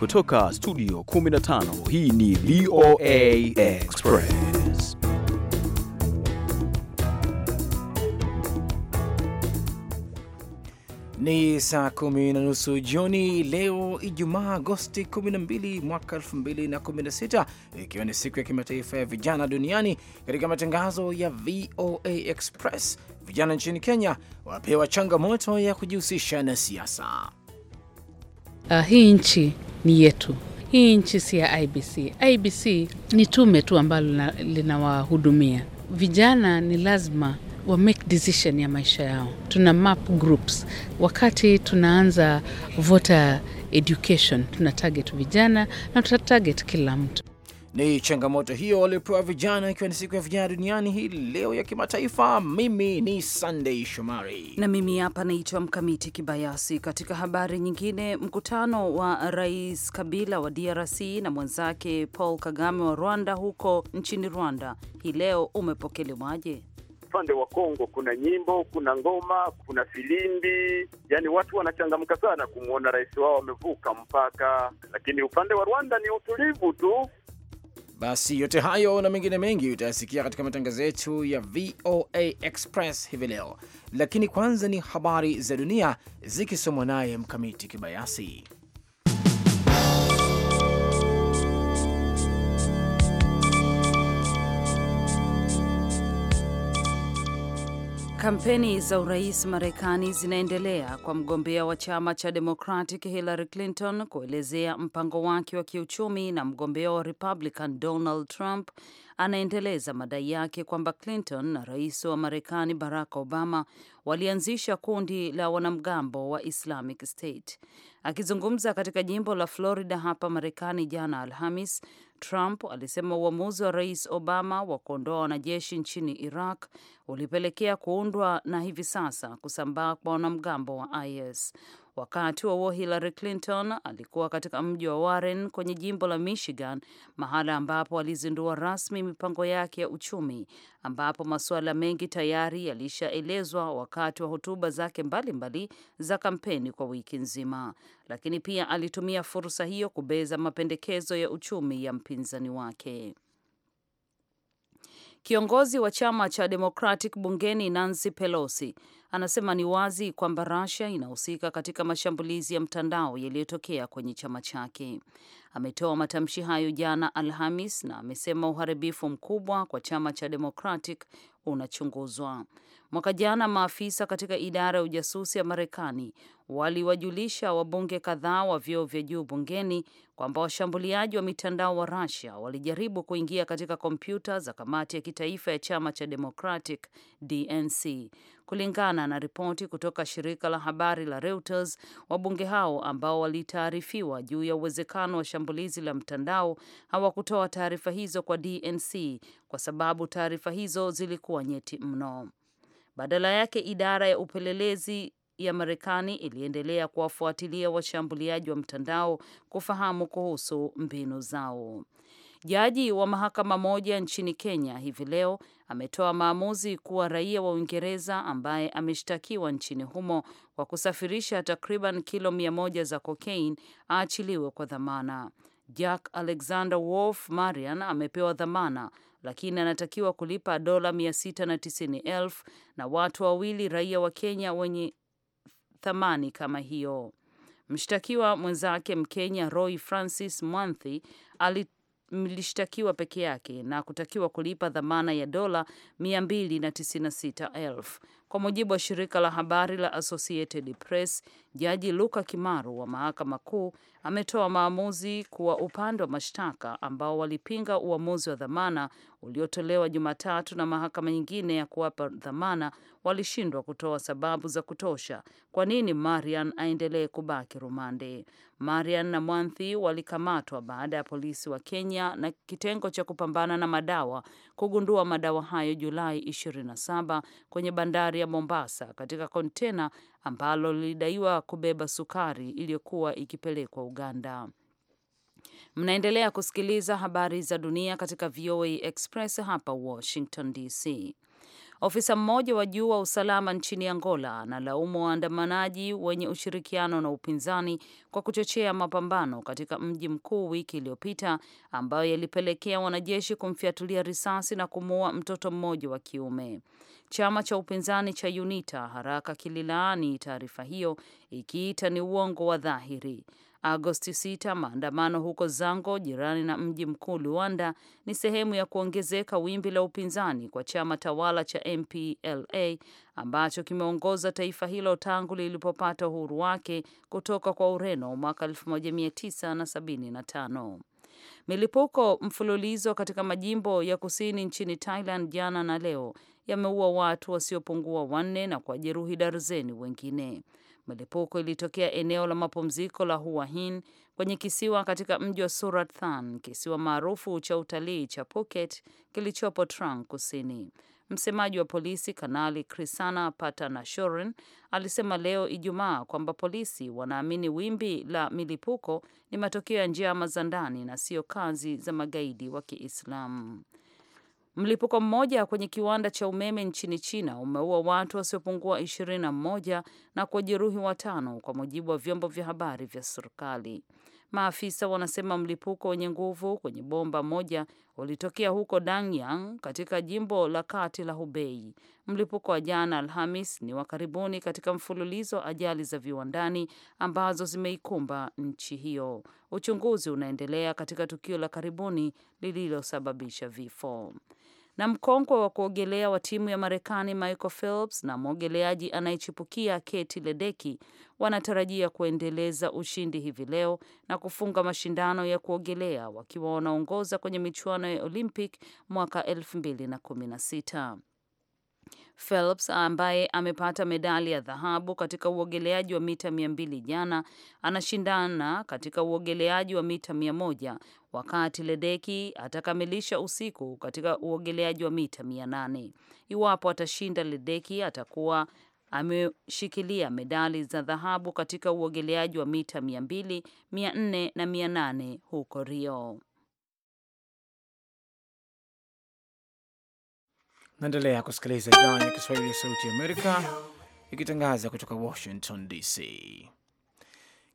Kutoka studio 15 hii ni VOA Express. Ni saa kumi na nusu jioni leo Ijumaa, Agosti 12 mwaka 2016, ikiwa ni siku ya kimataifa ya vijana duniani. Katika matangazo ya VOA Express, vijana nchini Kenya wapewa changamoto ya kujihusisha na siasa uh, hii nchi ni yetu. Hii nchi si ya IBC. IBC ni tume tu ambalo linawahudumia vijana. Ni lazima wa make decision ya maisha yao. Tuna map groups. Wakati tunaanza voter education, tuna target vijana na tuna target kila mtu ni changamoto hiyo waliopewa vijana, ikiwa ni siku ya vijana duniani hii leo ya kimataifa. Mimi ni Sunday Shomari na mimi hapa naitwa Mkamiti Kibayasi. Katika habari nyingine, mkutano wa Rais Kabila wa DRC na mwenzake Paul Kagame wa Rwanda huko nchini Rwanda hii leo umepokelewaje? Upande wa Kongo kuna nyimbo, kuna ngoma, kuna filimbi, yani watu wanachangamka sana kumwona rais wao wamevuka mpaka. Lakini upande wa Rwanda ni utulivu tu, basi yote hayo na mengine mengi utayasikia katika matangazo yetu ya VOA Express hivi leo, lakini kwanza ni habari za dunia zikisomwa naye Mkamiti Kibayasi. Kampeni za urais Marekani zinaendelea kwa mgombea wa chama cha Democratic Hillary Clinton kuelezea mpango wake wa kiuchumi na mgombea wa Republican Donald Trump anaendeleza madai yake kwamba Clinton na rais wa Marekani Barack Obama walianzisha kundi la wanamgambo wa Islamic State. Akizungumza katika jimbo la Florida hapa Marekani jana Alhamis, Trump alisema uamuzi wa rais Obama wa kuondoa wanajeshi nchini Iraq ulipelekea kuundwa na hivi sasa kusambaa kwa wanamgambo wa IS. Wakati wa huo Hillary Clinton alikuwa katika mji wa Warren kwenye jimbo la Michigan, mahala ambapo alizindua rasmi mipango yake ya uchumi, ambapo masuala mengi tayari yalishaelezwa wakati wa hotuba zake mbalimbali mbali za kampeni kwa wiki nzima, lakini pia alitumia fursa hiyo kubeza mapendekezo ya uchumi ya mpinzani wake. Kiongozi wa chama cha Democratic bungeni Nancy Pelosi anasema ni wazi kwamba Russia inahusika katika mashambulizi ya mtandao yaliyotokea kwenye chama chake. Ametoa matamshi hayo jana Alhamis na amesema uharibifu mkubwa kwa chama cha Democratic unachunguzwa. Mwaka jana maafisa katika idara ya ujasusi ya Marekani waliwajulisha wabunge kadhaa wa vyeo vya juu bungeni kwamba washambuliaji wa mitandao wa Russia walijaribu kuingia katika kompyuta za kamati ya kitaifa ya chama cha Democratic DNC kulingana na ripoti kutoka shirika la habari la Reuters. Wabunge hao ambao walitaarifiwa juu ya uwezekano wa shambulizi la mtandao hawakutoa taarifa hizo kwa DNC kwa sababu taarifa hizo zilikuwa nyeti mno. Badala yake, idara ya upelelezi ya Marekani iliendelea kuwafuatilia washambuliaji wa mtandao kufahamu kuhusu mbinu zao. Jaji wa mahakama moja nchini Kenya hivi leo ametoa maamuzi kuwa raia wa Uingereza ambaye ameshtakiwa nchini humo kwa kusafirisha takriban kilo mia moja za kokain aachiliwe kwa dhamana. Jack Alexander Wolf Marian amepewa dhamana lakini anatakiwa kulipa dola 690,000 na watu wawili raia wa Kenya wenye thamani kama hiyo. Mshtakiwa mwenzake Mkenya Roy Francis Mwanthi mlishtakiwa peke yake na kutakiwa kulipa dhamana ya dola 296,000. Kwa mujibu wa shirika la habari la Associated Press, Jaji Luka Kimaru wa mahakama kuu ametoa maamuzi kuwa upande wa mashtaka ambao walipinga uamuzi wa dhamana uliotolewa Jumatatu na mahakama nyingine ya kuwapa dhamana walishindwa kutoa sababu za kutosha kwa nini Marian aendelee kubaki rumande. Marian na Mwanthi walikamatwa baada ya polisi wa Kenya na kitengo cha kupambana na madawa kugundua madawa hayo Julai 27 kwenye bandari ya Mombasa katika kontena ambalo lilidaiwa kubeba sukari iliyokuwa ikipelekwa Uganda. Mnaendelea kusikiliza habari za dunia katika VOA Express hapa Washington DC. Ofisa mmoja wa juu wa usalama nchini Angola analaumu waandamanaji wenye ushirikiano na upinzani kwa kuchochea mapambano katika mji mkuu wiki iliyopita ambayo yalipelekea wanajeshi kumfiatulia risasi na kumuua mtoto mmoja wa kiume. Chama cha upinzani cha UNITA haraka kililaani taarifa hiyo ikiita ni uongo wa dhahiri. Agosti 6, maandamano huko Zango, jirani na mji mkuu Luanda, ni sehemu ya kuongezeka wimbi la upinzani kwa chama tawala cha MPLA ambacho kimeongoza taifa hilo tangu lilipopata uhuru wake kutoka kwa Ureno mwaka 1975. Milipuko mfululizo katika majimbo ya kusini nchini Thailand jana na leo yameua watu wasiopungua wanne na kuwajeruhi darzeni wengine. Milipuko ilitokea eneo la mapumziko la Hua Hin kwenye kisiwa katika mji wa Surat Thani, kisiwa maarufu cha utalii cha Phuket kilichopo Trang kusini. Msemaji wa polisi Kanali Krisana Patanashoren alisema leo Ijumaa kwamba polisi wanaamini wimbi la milipuko ni matokeo ya njama za ndani na sio kazi za magaidi wa Kiislamu. Mlipuko mmoja kwenye kiwanda cha umeme nchini China umeua watu wasiopungua ishirini na mmoja na kuwajeruhi watano, kwa mujibu wa vyombo vya habari vya serikali. Maafisa wanasema mlipuko wenye nguvu kwenye bomba moja ulitokea huko Dangyang katika jimbo la kati la Hubei. Mlipuko wa jana Alhamis ni wa karibuni katika mfululizo wa ajali za viwandani ambazo zimeikumba nchi hiyo. Uchunguzi unaendelea katika tukio la karibuni lililosababisha vifo na mkongwe wa kuogelea wa timu ya Marekani Michael Phelps na mwogeleaji anayechipukia Keti Ledecky wanatarajia kuendeleza ushindi hivi leo na kufunga mashindano ya kuogelea wakiwa wanaongoza kwenye michuano ya Olympic mwaka 2016. Phelps ambaye amepata medali ya dhahabu katika uogeleaji wa mita 2 jana anashindana katika uogeleaji wa mita 100 wakati ledeki atakamilisha usiku katika uogeleaji wa mita 800. Iwapo atashinda, ledeki atakuwa ameshikilia medali za dhahabu katika uogeleaji wa mita 200, 400 na 800 huko Rio. Naendelea kusikiliza idhaa ya Kiswahili ya Sauti ya Amerika ikitangaza kutoka Washington DC.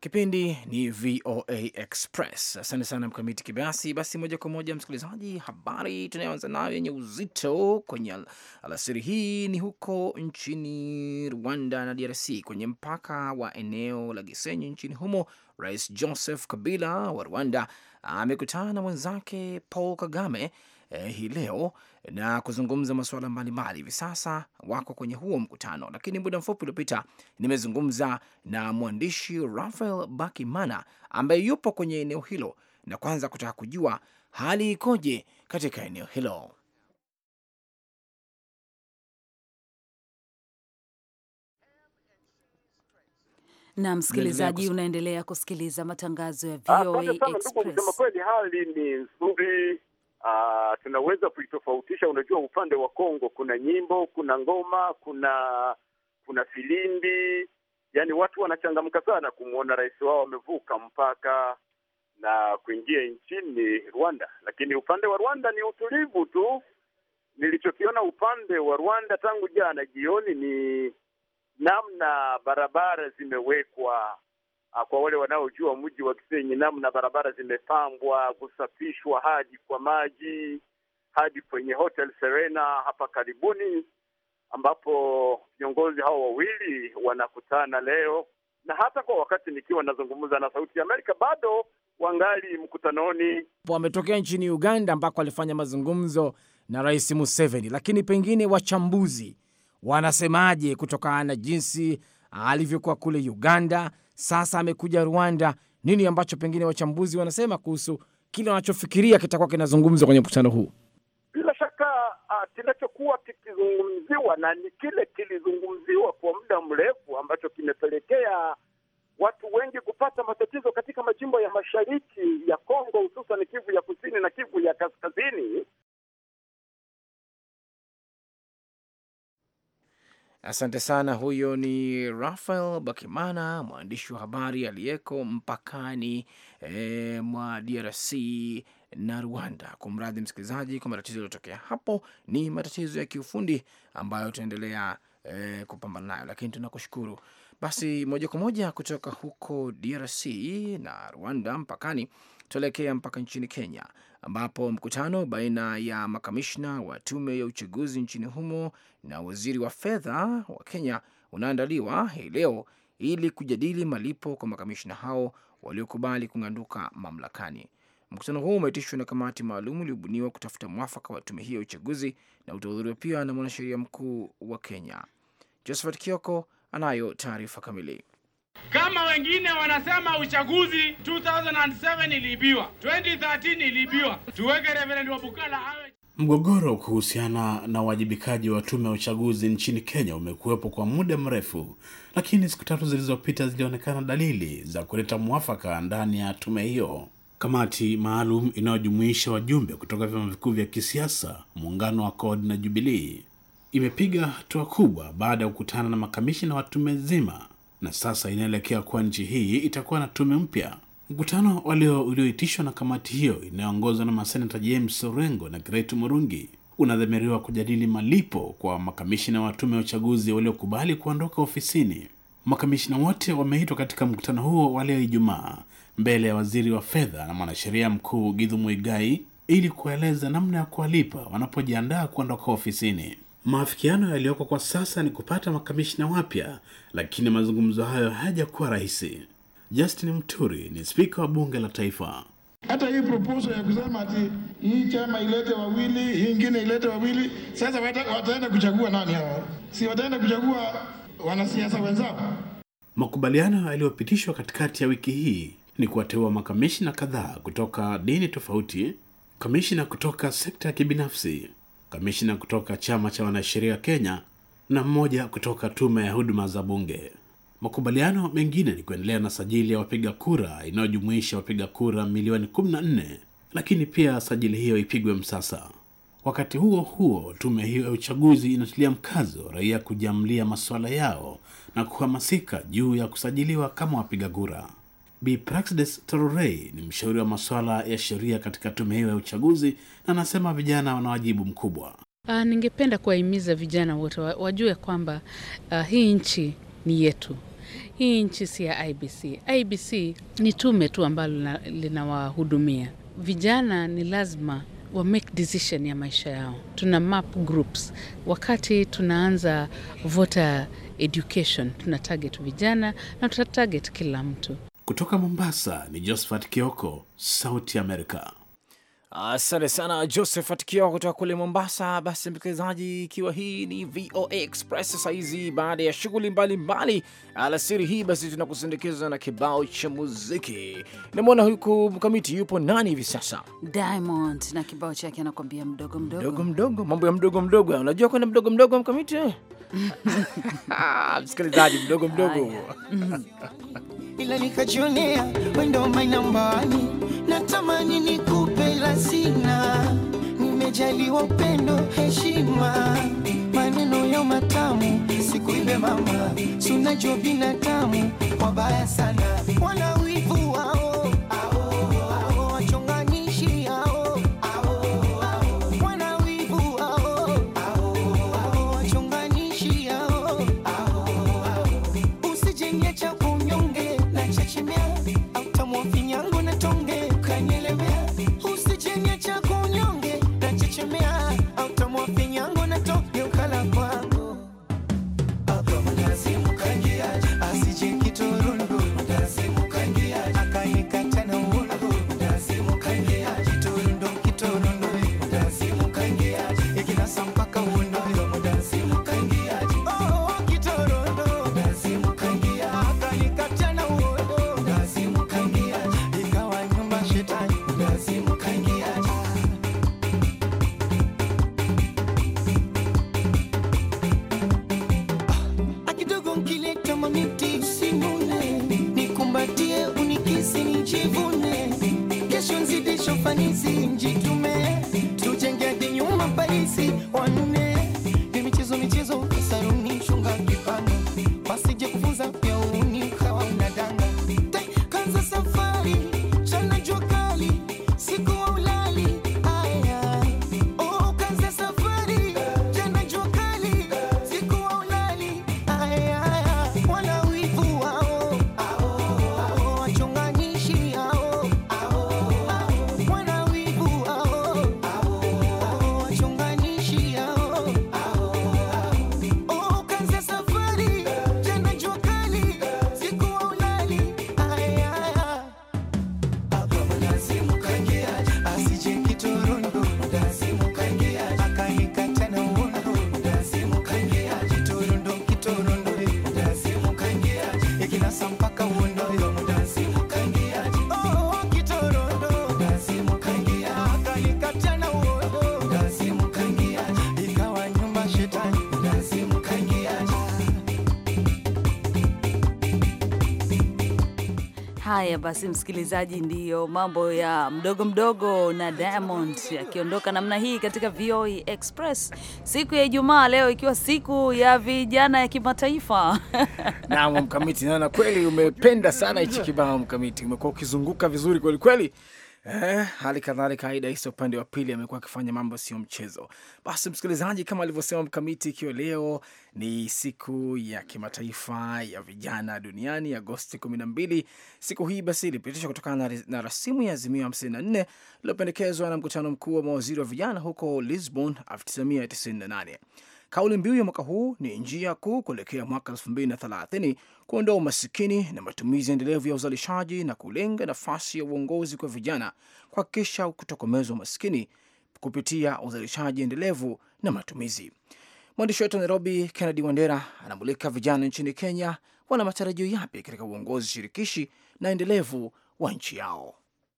Kipindi ni VOA Express. Asante sana Mkamiti Kibayasi. Basi moja kwa moja, msikilizaji, habari tunayoanza nayo yenye uzito kwenye al alasiri hii ni huko nchini Rwanda na DRC, kwenye mpaka wa eneo la Gisenyi nchini humo. Rais Joseph Kabila wa Rwanda amekutana na mwenzake Paul Kagame eh, hii leo na kuzungumza masuala mbalimbali. Hivi sasa wako kwenye huo mkutano, lakini muda mfupi uliopita nimezungumza na mwandishi Rafael Bakimana ambaye yupo kwenye eneo hilo, na kwanza kutaka kujua hali ikoje katika eneo hilo. na msikilizaji, unaendelea kusikiliza matangazo ya ah, VOA Express. Kusema kweli, hali ni nzuri uh, tunaweza kuitofautisha. Unajua, upande wa Kongo kuna nyimbo, kuna ngoma, kuna kuna filimbi, yani watu wanachangamka sana kumwona rais wao wamevuka mpaka na kuingia nchini Rwanda. Lakini upande wa Rwanda ni utulivu tu. Nilichokiona upande wa Rwanda tangu jana jioni ni namna barabara zimewekwa Ah, kwa wale wanaojua mji wa Kisenyi, namna barabara zimepambwa, kusafishwa hadi kwa maji hadi kwenye Hotel Serena hapa karibuni, ambapo viongozi hao wawili wanakutana leo, na hata kwa wakati nikiwa nazungumza na Sauti ya Amerika bado wangali mkutanoni. Wametokea nchini Uganda ambako alifanya mazungumzo na Rais Museveni, lakini pengine wachambuzi wanasemaje kutokana na jinsi alivyokuwa kule Uganda sasa amekuja Rwanda. Nini ambacho pengine wachambuzi wanasema kuhusu kile wanachofikiria kitakuwa kinazungumzwa kwenye mkutano huu? Bila shaka uh, kinachokuwa kikizungumziwa na ni kile kilizungumziwa kwa muda mrefu ambacho kimepelekea watu wengi kupata matatizo katika majimbo ya mashariki ya Kongo, hususan Kivu ya kusini na Kivu ya kaskazini, Asante sana. Huyo ni Rafael Bakimana, mwandishi wa habari aliyeko mpakani e, mwa DRC na Rwanda. Kumradhi msikilizaji kwa matatizo yaliyotokea hapo, ni matatizo ya kiufundi ambayo tunaendelea e, kupambana nayo, lakini tunakushukuru. Basi moja kwa moja kutoka huko DRC na Rwanda mpakani tuelekea mpaka nchini Kenya ambapo mkutano baina ya makamishna wa tume ya uchaguzi nchini humo na waziri wa fedha wa Kenya unaandaliwa hii leo ili kujadili malipo kwa makamishna hao waliokubali kung'anduka mamlakani. Mkutano huu umeitishwa na kamati maalum uliobuniwa kutafuta mwafaka wa tume hiyo ya uchaguzi na utahudhuriwa pia na mwanasheria mkuu wa Kenya. Josephat Kioko anayo taarifa kamili. Kama wengine wanasema uchaguzi 2007 iliibiwa, 2013 iliibiwa, tuweke Reverend Wabukala awe Mgogoro kuhusiana na uwajibikaji wa tume ya uchaguzi nchini Kenya umekuwepo kwa muda mrefu, lakini siku tatu zilizopita zilionekana dalili za kuleta mwafaka ndani ya tume hiyo. Kamati maalum inayojumuisha wajumbe kutoka vyama vikuu vya kisiasa, muungano wa CORD na Jubilee, imepiga hatua kubwa baada ya kukutana na makamishina wa tume nzima na sasa inaelekea kuwa nchi hii itakuwa na tume mpya. Mkutano ulioitishwa na kamati hiyo inayoongozwa na masenata James Orengo na Great Murungi unadhamiriwa kujadili malipo kwa makamishina wa tume ya uchaguzi waliokubali kuondoka ofisini. Makamishina wote wameitwa katika mkutano huo wa leo Ijumaa mbele ya waziri wa fedha na mwanasheria mkuu Githu Muigai ili kueleza namna ya kuwalipa wanapojiandaa kuondoka ofisini. Maafikiano yaliyoko kwa sasa ni kupata makamishina wapya, lakini mazungumzo hayo hayajakuwa rahisi. Justin Mturi ni spika wa bunge la taifa. Hata hii proposal ya kusema ati hii chama ilete wawili, hii ingine ilete wawili, sasa wataenda kuchagua nani hawa Si wataenda kuchagua wanasiasa wenzao? Makubaliano yaliyopitishwa katikati ya wiki hii ni kuwateua makamishina kadhaa kutoka dini tofauti, kamishna kutoka sekta ya kibinafsi kamishna kutoka chama cha wanasheria Kenya na mmoja kutoka tume ya huduma za bunge. Makubaliano mengine ni kuendelea na sajili ya wapiga kura inayojumuisha wapiga kura milioni 14, lakini pia sajili hiyo ipigwe msasa. Wakati huo huo, tume hiyo ya uchaguzi inatilia mkazo raia kujamlia masuala yao na kuhamasika juu ya kusajiliwa kama wapiga kura. Bi Praxedes Tororei ni mshauri wa masuala ya sheria katika tume hiyo ya uchaguzi, na anasema vijana wana wajibu mkubwa. Uh, ningependa kuwahimiza vijana wote wajue kwamba uh, hii nchi ni yetu. Hii nchi si ya IBC. IBC ni tume tu ambalo linawahudumia vijana. Ni lazima wa make decision ya maisha yao. Tuna map groups, wakati tunaanza voter education, tuna target vijana na tuta target kila mtu. Kutoka Mombasa ni Josephat Kioko, Sauti Amerika. Asante sana Josephat Kioko kutoka kule Mombasa. Basi msikilizaji, ikiwa hii ni VOA Express sahizi baada ya shughuli mbalimbali alasiri hii, basi tunakusindikiza na kibao cha muziki. Namwona huku mkamiti yupo nani hivi sasa, Diamond na kibao chake anakwambia mdogo mdogo, mdogo mdogo, mambo ya mdogo mdogo. Unajua kwenda mdogo mdogo mkamiti msikilizaji, mdogo mdogo ila nikajionea wendo mainambani natamani nikupe sina nimejaliwa upendo heshima maneno ya matamu sikuibe mama sunajua binadamu wabaya sana wanawivu Haya basi, msikilizaji, ndiyo mambo ya mdogo mdogo na Diamond akiondoka namna hii katika VOA e Express siku ya Ijumaa leo, ikiwa siku ya vijana ya kimataifa. Naam, Mkamiti, naona kweli umependa sana hichi kibao Mkamiti, umekuwa ukizunguka vizuri kweli kweli. Eh, hali kadhalika Aida Isa upande wa pili amekuwa akifanya mambo sio mchezo. Basi msikilizaji, kama alivyosema Mkamiti, ikiwa leo ni siku ya kimataifa ya vijana duniani Agosti 12, siku hii basi ilipitishwa kutokana na rasimu ya azimio 54 lililopendekezwa na mkutano mkuu wa mawaziri wa vijana huko Lisbon 1998. Kauli mbiu ya mwaka huu ni njia kuu kuelekea mwaka 2030, kuondoa umasikini na matumizi endelevu ya uzalishaji na kulenga nafasi ya uongozi kwa vijana, kuhakikisha kutokomezwa umasikini kupitia uzalishaji endelevu na matumizi. Mwandishi wetu wa Nairobi, Kennedy Wandera, anamulika vijana nchini Kenya wana matarajio yapi katika uongozi shirikishi na endelevu wa nchi yao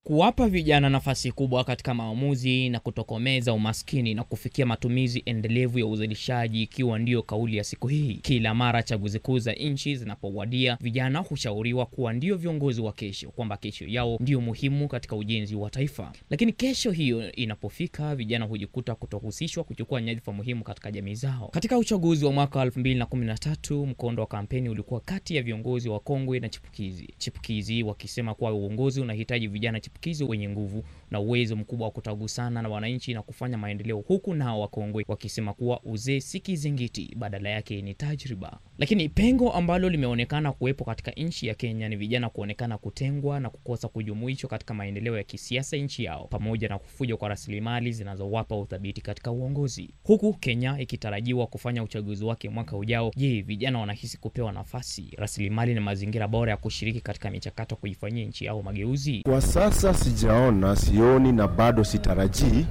kuwapa vijana nafasi kubwa katika maamuzi na kutokomeza umaskini na kufikia matumizi endelevu ya uzalishaji, ikiwa ndiyo kauli ya siku hii. Kila mara chaguzi kuu za nchi zinapowadia, vijana hushauriwa kuwa ndio viongozi wa kesho, kwamba kesho yao ndiyo muhimu katika ujenzi wa taifa. Lakini kesho hiyo inapofika, vijana hujikuta kutohusishwa kuchukua nyadhifa muhimu katika jamii zao. Katika uchaguzi wa mwaka 2013 mkondo wa kampeni ulikuwa kati ya viongozi wa kongwe na chipukizi, chipukizi wakisema kuwa uongozi unahitaji vijana chipukizi maambukizo wenye nguvu na uwezo mkubwa wa kutagusana na wananchi na kufanya maendeleo, huku nao wakongwe wakisema kuwa uzee si kizingiti, badala yake ni tajriba. Lakini pengo ambalo limeonekana kuwepo katika nchi ya Kenya ni vijana kuonekana kutengwa na kukosa kujumuishwa katika maendeleo ya kisiasa nchi yao, pamoja na kufujwa kwa rasilimali zinazowapa uthabiti katika uongozi, huku Kenya ikitarajiwa kufanya uchaguzi wake mwaka ujao. Je, vijana wanahisi kupewa nafasi, rasilimali na mazingira bora ya kushiriki katika michakato kuifanyia nchi yao mageuzi kwa sasa? sasa sijaona, sioni na bado sitarajii.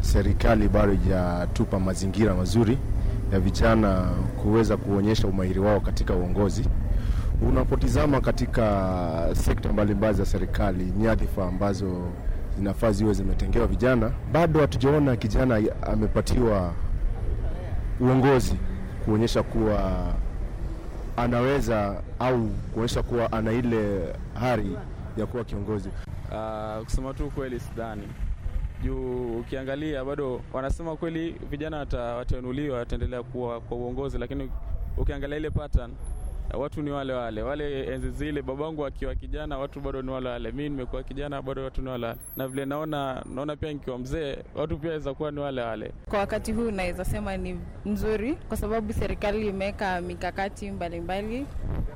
Serikali bado ijatupa mazingira mazuri ya vijana kuweza kuonyesha umahiri wao katika uongozi. Unapotizama katika sekta mbalimbali za serikali, nyadhifa ambazo zinafaa ziwe zimetengewa vijana, bado hatujaona kijana amepatiwa uongozi kuonyesha kuwa anaweza au kuonyesha kuwa ana ile hari ya kuwa kiongozi? Uh, kusema tu kweli sidhani juu ukiangalia bado wanasema kweli vijana watainuliwa, wataendelea kuwa kwa uongozi, lakini ukiangalia ile pattern watu ni wale wale wale enzi zile, babangu akiwa kijana watu bado ni wale wale, mimi nimekuwa kijana bado watu ni wale wale, na vile naona naona pia nikiwa mzee watu pia waweza kuwa ni wale wale. Kwa wakati huu naweza sema ni nzuri, kwa sababu serikali imeweka mikakati mbalimbali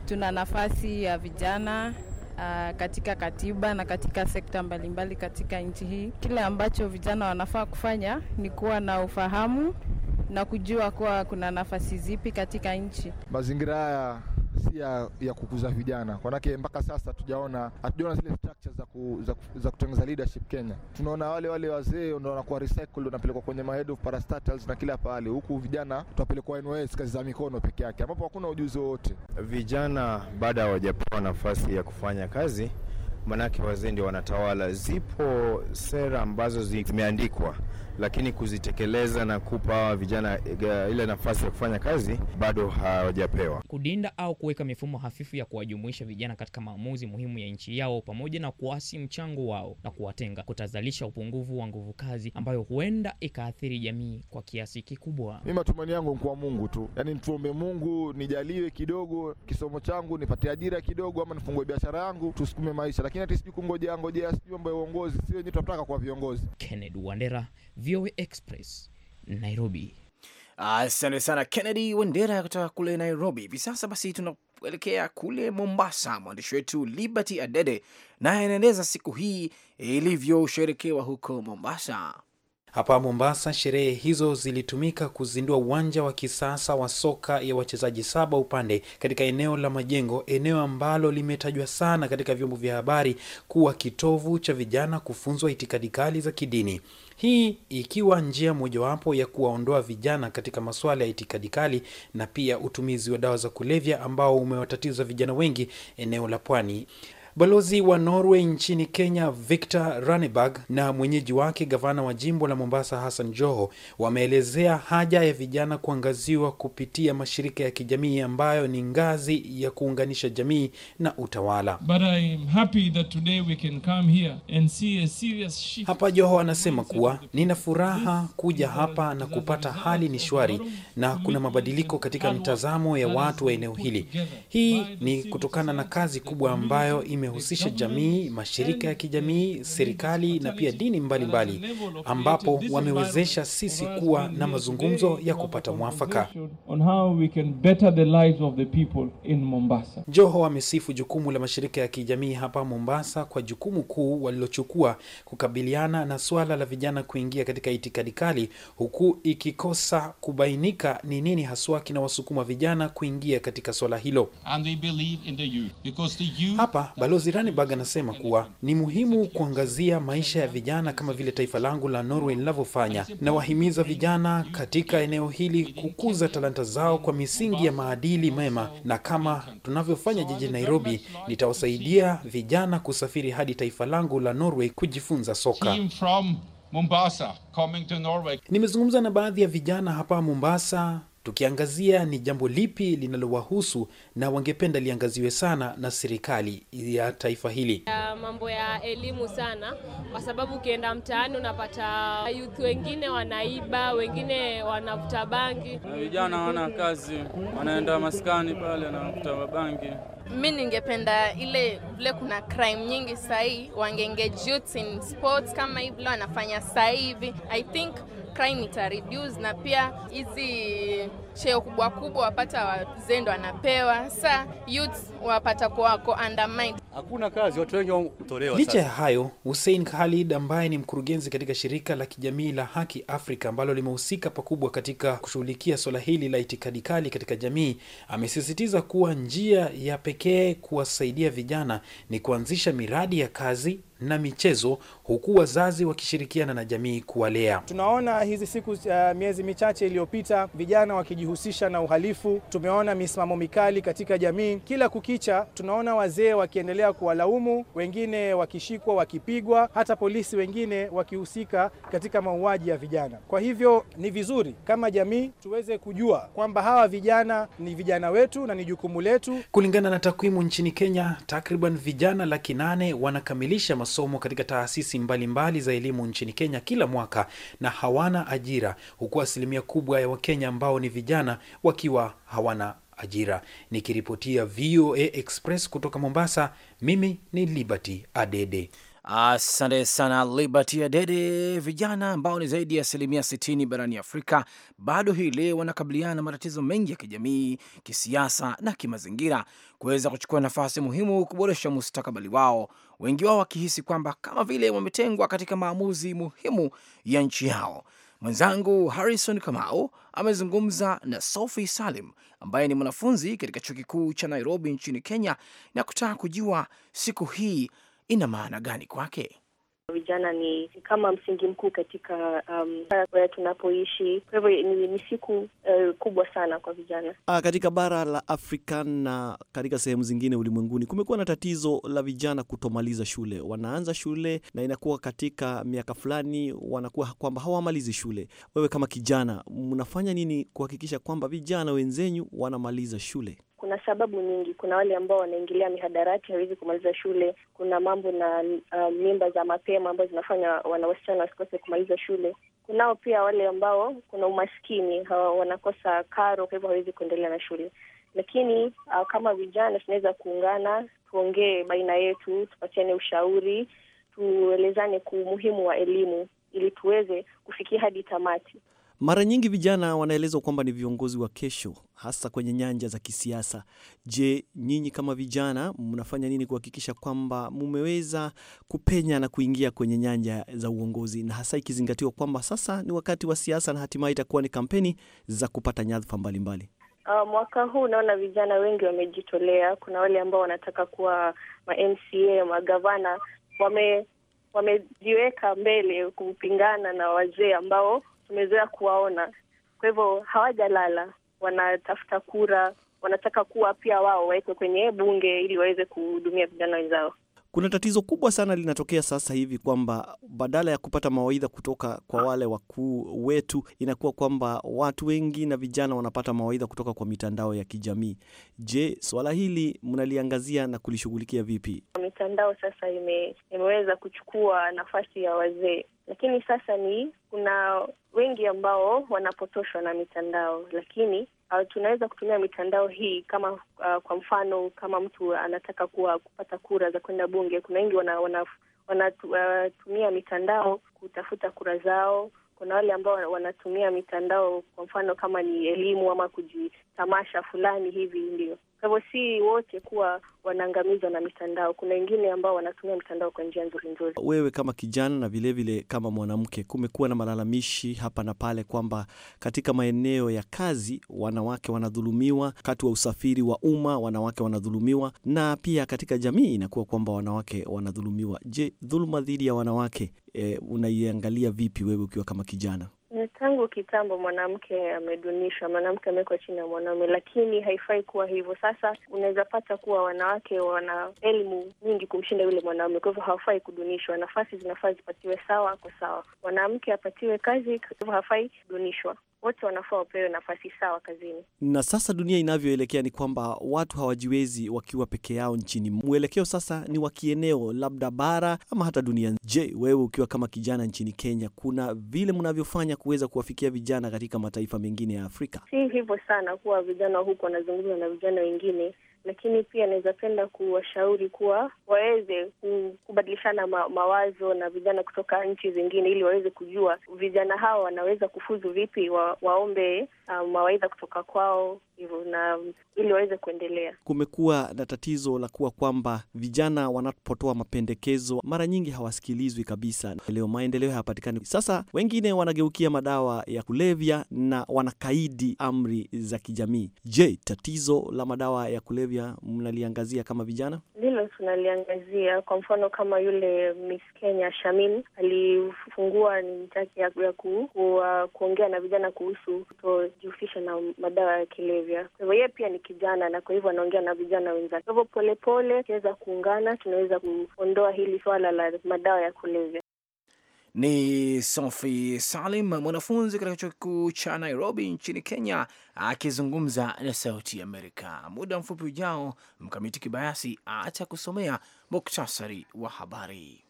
Tuna nafasi ya vijana uh, katika katiba na katika sekta mbalimbali katika nchi hii. Kile ambacho vijana wanafaa kufanya ni kuwa na ufahamu na kujua kuwa kuna nafasi zipi katika nchi. Mazingira haya si ya kukuza vijana, manake mpaka sasa hatujaona hatujaona zile ku, za, za kutengeneza leadership Kenya. Tunaona wale wale wazee ndio wanakuwa recycled wanapelekwa kwenye mahead of parastatals na kila pale, huku vijana tutapelekwa NYS kazi za mikono peke yake, ambapo hakuna ujuzi wowote. Vijana baada hawajapewa nafasi ya kufanya kazi, maanake wazee ndio wanatawala. Zipo sera ambazo zimeandikwa lakini kuzitekeleza na kupa hawa vijana eh, ile nafasi ya kufanya kazi bado hawajapewa. Kudinda au kuweka mifumo hafifu ya kuwajumuisha vijana katika maamuzi muhimu ya nchi yao, pamoja na kuasi mchango wao na kuwatenga, kutazalisha upungufu wa nguvu kazi ambayo huenda ikaathiri jamii kwa kiasi kikubwa. Mi matumaini yangu kwa Mungu tu, yani nituombe Mungu nijaliwe kidogo kisomo changu, nipate ajira kidogo, ama nifungue biashara yangu, tusukume maisha, lakini hati sijui kungojea ngojea, sijui mambo ya uongozi, sio wenyewe tunataka kwa viongozi. Kennedy Wandera, VOA Express, Nairobi. Asante sana Kennedy Wendera kutoka kule Nairobi. Hivi sasa basi tunaelekea kule Mombasa. Mwandishi wetu Liberty Adede naye anaeleza siku hii ilivyosherekewa huko Mombasa. Hapa Mombasa, sherehe hizo zilitumika kuzindua uwanja wa kisasa wa soka ya wachezaji saba upande katika eneo la Majengo, eneo ambalo limetajwa sana katika vyombo vya habari kuwa kitovu cha vijana kufunzwa itikadi kali za kidini, hii ikiwa njia mojawapo ya kuwaondoa vijana katika masuala ya itikadi kali na pia utumizi wa dawa za kulevya ambao umewatatiza vijana wengi eneo la Pwani. Balozi wa Norway nchini Kenya Victor Raneberg na mwenyeji wake gavana wa jimbo la Mombasa Hassan Joho wameelezea haja ya vijana kuangaziwa kupitia mashirika ya kijamii ambayo ni ngazi ya kuunganisha jamii na utawala. But I'm happy that today we can come here and see a serious shift. Hapa Joho anasema kuwa nina furaha kuja hapa na kupata hali ni shwari na kuna mabadiliko katika mtazamo ya watu wa eneo hili. Hii ni kutokana na kazi kubwa ambayo imehusisha jamii, mashirika ya kijamii, serikali na pia dini mbalimbali mbali, ambapo wamewezesha sisi kuwa na mazungumzo ya kupata mwafaka. Joho amesifu jukumu la mashirika ya kijamii hapa Mombasa kwa jukumu kuu walilochukua kukabiliana na suala la vijana kuingia katika itikadi kali, huku ikikosa kubainika ni nini haswa kinawasukuma vijana kuingia katika swala hilo. Hapa Balozi Ranneberg anasema kuwa ni muhimu kuangazia maisha ya vijana kama vile taifa langu la Norway linavyofanya, na wahimiza vijana katika eneo hili kukuza talanta zao kwa misingi ya maadili mema, na kama tunavyofanya jijini Nairobi, nitawasaidia vijana kusafiri hadi taifa langu la Norway kujifunza soka. Mombasa, coming to Norway. Nimezungumza na baadhi ya vijana hapa Mombasa tukiangazia ni jambo lipi linalowahusu na wangependa liangaziwe sana na serikali ya taifa hili. Ya mambo ya elimu sana, kwa sababu ukienda mtaani unapata youth wengine wanaiba, wengine wanavuta bangi, vijana wana kazi, wanaenda maskani pale wanavuta bangi mi ningependa ile vile kuna crime nyingi sahii wangenge youth in sports kama hivi leo anafanya sahii hivi i think crime reduce na pia hizi cheo kubwa kubwa wapata wazendo anapewa sa youth wapata kuwako undermined, hakuna kazi, watu wengi kutolewa. Licha ya hayo, Hussein Khalid ambaye ni mkurugenzi katika shirika la kijamii la Haki Afrika ambalo limehusika pakubwa katika kushughulikia swala hili la itikadi kali katika jamii amesisitiza kuwa njia ya pekee kuwasaidia vijana ni kuanzisha miradi ya kazi na michezo, huku wazazi wakishirikiana na jamii kuwalea. Tunaona hizi siku uh, miezi michache iliyopita vijana wakijihusisha na uhalifu. Tumeona misimamo mikali katika jamii. Kila kukicha tunaona wazee wakiendelea kuwalaumu, wengine wakishikwa, wakipigwa, hata polisi wengine wakihusika katika mauaji ya vijana. Kwa hivyo ni vizuri kama jamii tuweze kujua kwamba hawa vijana ni vijana wetu na ni jukumu letu. Kulingana na takwimu nchini Kenya, takriban vijana laki nane wanakamilisha masomo katika taasisi mbalimbali za elimu nchini Kenya kila mwaka na hawana ajira, huku asilimia kubwa ya Wakenya ambao ni vijana wakiwa hawana ajira. Nikiripotia VOA Express kutoka Mombasa, mimi ni Liberty Adede. Asante sana Liberty Adede. Vijana ambao ni zaidi ya asilimia 60 barani Afrika bado hii leo wanakabiliana na matatizo mengi ya kijamii, kisiasa na kimazingira kuweza kuchukua nafasi muhimu kuboresha mustakabali wao, wengi wao wakihisi kwamba kama vile wametengwa katika maamuzi muhimu ya nchi yao. Mwenzangu Harrison Kamau amezungumza na Sophie Salim ambaye ni mwanafunzi katika chuo kikuu cha Nairobi nchini Kenya na kutaka kujua siku hii ina maana gani kwake? Vijana ni kama msingi mkuu katika um, tunapoishi. Kwa hivyo ni, ni siku uh, kubwa sana kwa vijana ah, katika bara la Afrika na katika sehemu zingine ulimwenguni. Kumekuwa na tatizo la vijana kutomaliza shule. Wanaanza shule na inakuwa katika miaka fulani wanakuwa kwamba hawamalizi shule. Wewe kama kijana, mnafanya nini kuhakikisha kwamba vijana wenzenyu wanamaliza shule? kuna sababu nyingi. Kuna wale ambao wanaingilia mihadarati, hawezi kumaliza shule. Kuna mambo na uh, mimba za mapema ambazo zinafanya wana wasichana wasikose kumaliza shule. Kunao pia wale ambao kuna umaskini, wanakosa karo, kwa hivyo hawezi kuendelea na shule. Lakini uh, kama vijana tunaweza kuungana, tuongee baina yetu, tupatiane ushauri, tuelezane umuhimu wa elimu ili tuweze kufikia hadi tamati. Mara nyingi vijana wanaelezwa kwamba ni viongozi wa kesho, hasa kwenye nyanja za kisiasa. Je, nyinyi kama vijana mnafanya nini kuhakikisha kwamba mumeweza kupenya na kuingia kwenye nyanja za uongozi, na hasa ikizingatiwa kwamba sasa ni wakati wa siasa na hatimaye itakuwa ni kampeni za kupata nyadhifa mbalimbali? Uh, mwaka huu unaona vijana wengi wamejitolea. Kuna wale ambao wanataka kuwa ma MCA, magavana wame wamejiweka mbele kupingana na wazee ambao tumezoea kuwaona. Kwa hivyo hawajalala, wanatafuta kura, wanataka kuwa pia wao wawekwe kwenye bunge ili waweze kuhudumia vijana wenzao. Kuna tatizo kubwa sana linatokea sasa hivi kwamba badala ya kupata mawaidha kutoka kwa wale wakuu wetu, inakuwa kwamba watu wengi na vijana wanapata mawaidha kutoka kwa mitandao ya kijamii. Je, swala hili mnaliangazia na kulishughulikia vipi? Mitandao sasa ime, imeweza kuchukua nafasi ya wazee, lakini sasa ni kuna wengi ambao wanapotoshwa na mitandao, lakini uh, tunaweza kutumia mitandao hii kama uh, kwa mfano kama mtu anataka kuwa kupata kura za kwenda bunge. Kuna wengi wanatumia wana, wana, uh, mitandao kutafuta kura zao. Kuna wale ambao wanatumia mitandao kwa mfano kama ni elimu ama kujitamasha fulani hivi, ndio. Kwa hivyo si wote kuwa wanaangamizwa na mitandao. Kuna wengine ambao wanatumia mitandao kwa njia nzuri nzuri. Wewe kama kijana na vilevile kama mwanamke, kumekuwa na malalamishi hapa na pale kwamba katika maeneo ya kazi wanawake wanadhulumiwa, wakati wa usafiri wa umma wanawake wanadhulumiwa, na pia katika jamii inakuwa kwamba wanawake wanadhulumiwa. Je, dhuluma dhidi ya wanawake e, unaiangalia vipi wewe ukiwa kama kijana? Eh, tangu kitambo mwanamke amedunishwa, mwanamke amewekwa chini ya mwanaume, lakini haifai kuwa hivyo. Sasa unaweza pata kuwa wanawake wana elimu nyingi kumshinda yule mwanaume, kwa hivyo hawafai kudunishwa. Nafasi zinafaa zipatiwe sawa kwa sawa, mwanamke apatiwe kazi, kwa hivyo hafai kudunishwa wote wanafaa wapewe nafasi sawa kazini. Na sasa dunia inavyoelekea ni kwamba watu hawajiwezi wakiwa peke yao nchini. Mwelekeo sasa ni wa kieneo, labda bara ama hata dunia. Je, wewe ukiwa kama kijana nchini Kenya, kuna vile mnavyofanya kuweza kuwafikia vijana katika mataifa mengine ya Afrika? Si hivyo sana kuwa vijana wa huku wanazungumza na vijana wengine lakini pia naweza penda kuwashauri kuwa waweze kubadilishana ma mawazo na vijana kutoka nchi zingine, ili waweze kujua vijana hawa wanaweza kufuzu vipi wa wa, waombe um, mawaidha kutoka kwao hivyo, na ili waweze kuendelea. Kumekuwa na tatizo la kuwa kwamba vijana wanapotoa mapendekezo mara nyingi hawasikilizwi kabisa, leo maendeleo hayapatikani. Sasa wengine wanageukia madawa ya kulevya na wanakaidi amri za kijamii. Je, tatizo la madawa ya kulevya mnaliangazia kama vijana? Ndilo tunaliangazia. Kwa mfano kama yule Miss Kenya Shamin alifungua ni mtaki ya ku, ku, uh, kuongea na vijana kuhusu kutojihusisha na madawa ya kulevya. Kwa hivyo yeye pia ni kijana, na kwa hivyo anaongea na vijana wenzake. Kwa hivyo polepole tukiweza kuungana, tunaweza kuondoa hili swala la madawa ya kulevya. Ni Sofi Salim, mwanafunzi katika chuo kikuu cha Nairobi nchini Kenya, akizungumza na Sauti ya Amerika. Muda mfupi ujao, Mkamiti Kibayasi atakusomea muktasari wa habari.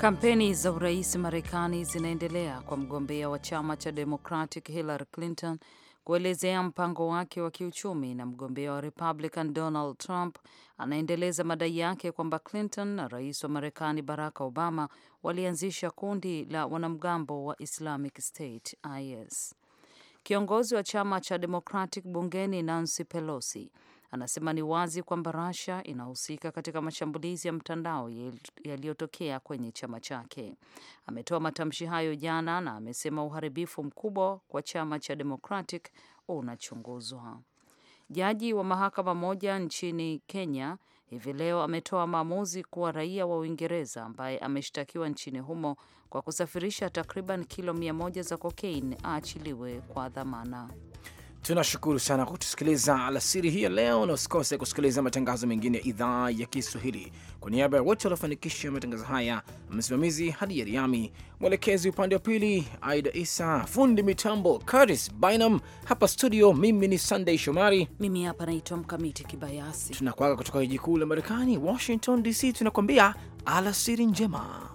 Kampeni za urais Marekani zinaendelea kwa mgombea wa chama cha Democratic Hillary Clinton kuelezea mpango wake wa kiuchumi na mgombea wa Republican Donald Trump anaendeleza madai yake kwamba Clinton na rais wa Marekani Barack Obama walianzisha kundi la wanamgambo wa Islamic State IS. Kiongozi wa chama cha Democratic bungeni Nancy Pelosi anasema ni wazi kwamba Russia inahusika katika mashambulizi ya mtandao yaliyotokea kwenye chama chake. Ametoa matamshi hayo jana na amesema uharibifu mkubwa kwa chama cha Democratic unachunguzwa. Jaji wa mahakama moja nchini Kenya hivi leo ametoa maamuzi kuwa raia wa Uingereza ambaye ameshtakiwa nchini humo kwa kusafirisha takriban kilo mia moja za kokaini aachiliwe kwa dhamana. Tunashukuru sana kwa kutusikiliza alasiri hii ya leo, na usikose kusikiliza matangazo mengine ya idhaa ya Kiswahili. Kwa niaba ya wote waliofanikisha matangazo haya, msimamizi Hadi Yariami, mwelekezi upande wa pili Aida Isa, fundi mitambo Curtis Bynam. Hapa studio, mimi ni Sunday Shomari, mimi hapa naitwa Mkamiti Kibayasi. Tunakuaga kutoka jiji kuu la Marekani, Washington DC. Tunakuambia alasiri njema.